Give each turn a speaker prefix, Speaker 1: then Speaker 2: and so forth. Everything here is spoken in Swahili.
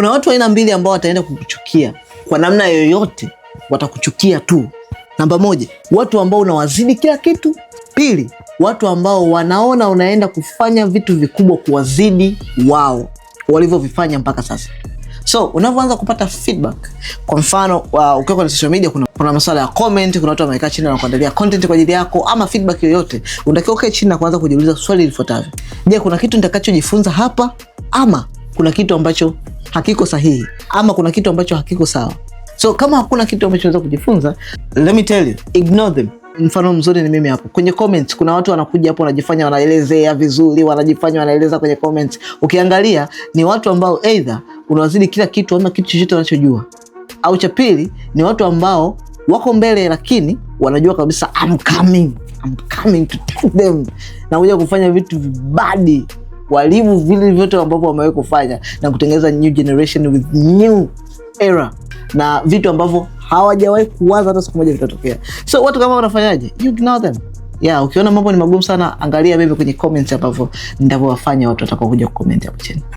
Speaker 1: kuna watu aina mbili ambao wataenda kukuchukia kwa namna yoyote, watakuchukia tu. Namba moja, watu ambao unawazidi kila kitu. Pili, watu ambao wanaona unaenda kufanya vitu vikubwa kuwazidi wao walivyovifanya mpaka sasa. So unavyoanza kupata feedback, kwa mfano uh, ukiwa kwenye social media, kuna, kuna masuala ya comment, kuna watu wamekaa chini na kuandalia content kwa ajili yako ama feedback yoyote, unatakiwa ukae chini na kuanza kujiuliza swali lifuatavyo: je, kuna kitu nitakachojifunza hapa ama kuna kitu ambacho hakiko sahihi ama kuna kitu ambacho hakiko sawa. So kama hakuna kitu ambacho unaweza kujifunza, let me tell you, ignore them. Mfano mzuri ni mimi hapo kwenye comments, Kuna watu wanakuja hapo wanajifanya wanaelezea vizuri, wanajifanya wanaeleza kwenye comments. Ukiangalia ni watu ambao either unawazidi kila kitu ama kitu chochote wanachojua, au cha pili ni watu ambao wako mbele, lakini wanajua kabisa I'm coming, I'm coming to take them, nakuja kufanya vitu vibadi walivu vile vyote ambavyo wamewahi kufanya na kutengeneza new generation with new era na vitu ambavyo hawajawahi kuwaza hata siku moja vitatokea. So watu kama wanafanyaje? You ignore them. Yeah, ukiona mambo ni magumu sana, angalia mimi kwenye comments ambavyo nitavyowafanya watu watakao kuja kucomment hapo chini.